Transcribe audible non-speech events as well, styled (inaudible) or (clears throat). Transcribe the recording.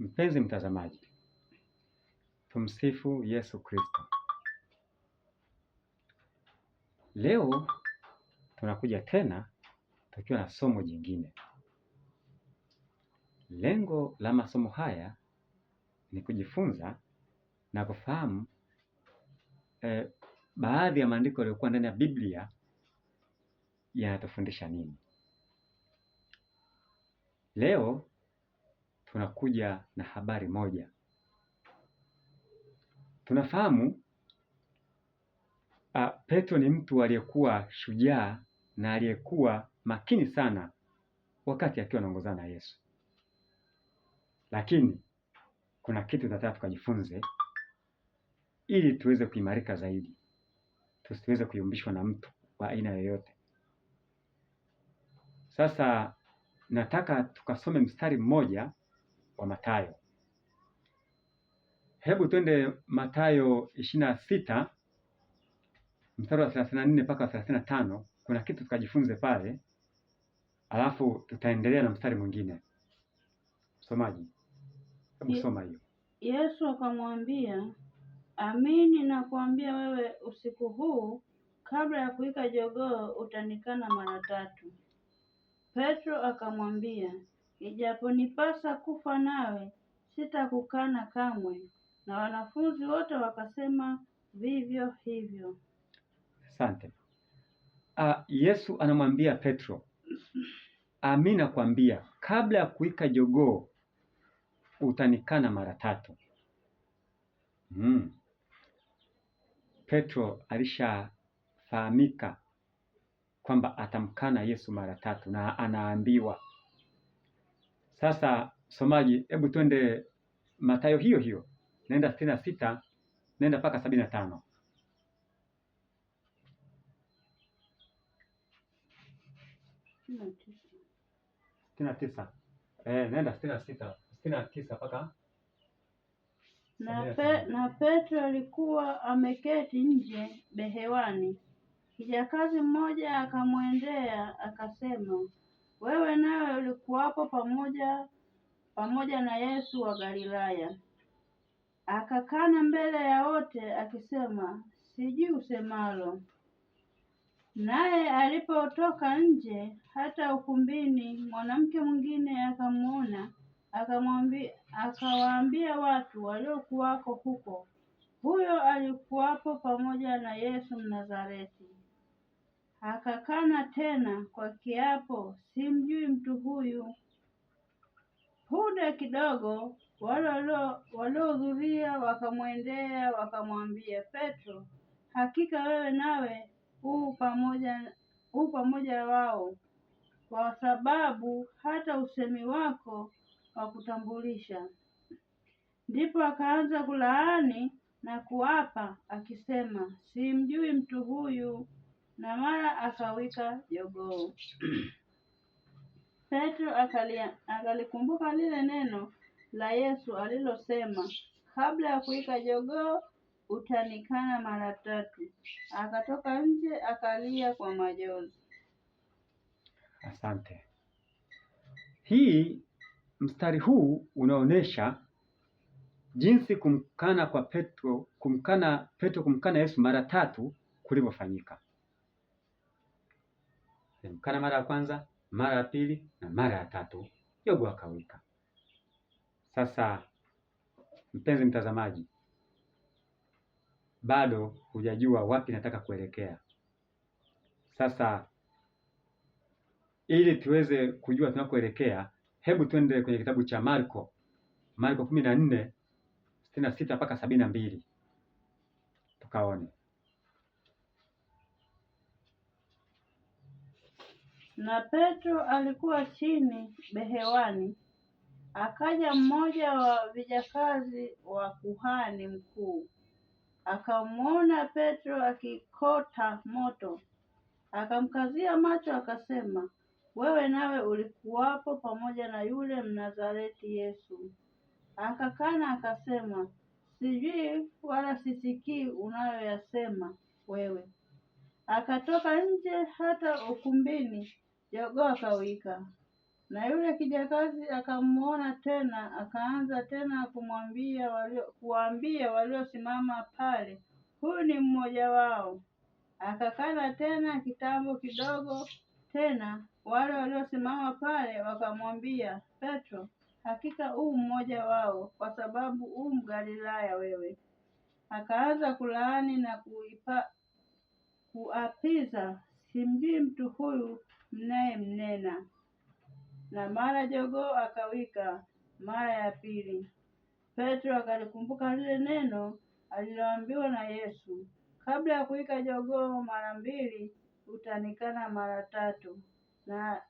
Mpenzi mtazamaji, tumsifu Yesu Kristo. Leo tunakuja tena tukiwa na somo jingine. Lengo la masomo haya ni kujifunza na kufahamu eh, baadhi ya maandiko yaliyokuwa ndani ya Biblia yanatufundisha nini. Leo tunakuja na habari moja. Tunafahamu a, ah, Petro ni mtu aliyekuwa shujaa na aliyekuwa makini sana wakati akiwa anaongozana na Yesu, lakini kuna kitu tunataka tukajifunze ili tuweze kuimarika zaidi, tusiweze kuyumbishwa na mtu wa aina yoyote. Sasa nataka tukasome mstari mmoja wa Mathayo. Hebu twende Mathayo ishirini na sita mstari wa thelathini na nne mpaka thelathini na tano kuna kitu tukajifunze pale, alafu tutaendelea na mstari mwingine. Msomaji, hebu soma hiyo. Yesu akamwambia, amini kuambia wewe, usiku huu kabla ya kuwika jogoo utanikana mara tatu. Petro akamwambia, Ijaponipasa kufa nawe, sitakukana kamwe. Na wanafunzi wote wakasema vivyo hivyo. Asante. Uh, Yesu anamwambia Petro, Amini nakwambia, kabla ya kuika jogoo utanikana mara tatu. Mm. Petro alishafahamika kwamba atamkana Yesu mara tatu na anaambiwa sasa somaji, hebu twende Mathayo hiyo hiyo, naenda sitini na sita naenda mpaka sabini na tano sitini na tisa e, eh, naenda sitini na sita sitini na tisa mpaka na, pe, na Petro alikuwa ameketi nje behewani. Kijakazi mmoja akamwendea akasema, wewe nawe ulikuwapo pamoja pamoja na Yesu wa Galilaya. Akakana mbele ya wote akisema, sijui usemalo. Naye alipotoka nje hata ukumbini, mwanamke mwingine akamwona, akamwambia, akawaambia watu waliokuwako huko, huyo alikuwapo pamoja na Yesu Mnazareti. Akakana tena kwa kiapo, simjui mtu huyu. Punde kidogo waliohudhuria wakamwendea wakamwambia Petro, hakika wewe nawe huu pamoja, pamoja wao, kwa sababu hata usemi wako wa kutambulisha Ndipo akaanza kulaani na kuapa akisema, simjui mtu huyu na mara akawika jogoo. (clears throat) Petro akalikumbuka lile neno la Yesu alilosema, kabla ya kuwika jogoo utanikana mara tatu. Akatoka nje akalia kwa majonzi. Asante. Hii mstari huu unaonyesha jinsi kumkana kwa Petro, kumkana Petro, kumkana Yesu mara tatu kulivyofanyika. Alimkana mara ya kwanza, mara ya pili na mara ya tatu, yogo akawika. Sasa mpenzi mtazamaji, bado hujajua wapi nataka kuelekea. Sasa ili tuweze kujua tunakoelekea, hebu twende kwenye kitabu cha Marko, Marko kumi na nne sitini na sita mpaka sabini na mbili tukaone. na Petro alikuwa chini behewani, akaja mmoja wa vijakazi wa kuhani mkuu, akamwona Petro akikota moto, akamkazia macho, akasema, wewe nawe ulikuwapo pamoja na yule Mnazareti Yesu. Akakana akasema, sijui wala sisikii unayoyasema wewe. Akatoka nje hata ukumbini, Jogoo akawika, na yule kijakazi akamuona tena, akaanza tena kumwambia walio, kuwaambia waliosimama pale, huyu ni mmoja wao. Akakana tena kitambo kidogo tena, wale waliosimama pale wakamwambia Petro, hakika huu mmoja wao, kwa sababu huu Mgalilaya wewe. Akaanza kulaani na kuipa, kuapiza, simjui mtu huyu mnayemnena. Na mara jogoo akawika mara ya pili. Petro akalikumbuka lile neno aliloambiwa na Yesu, kabla ya kuwika jogoo mara mbili utanikana mara tatu. Na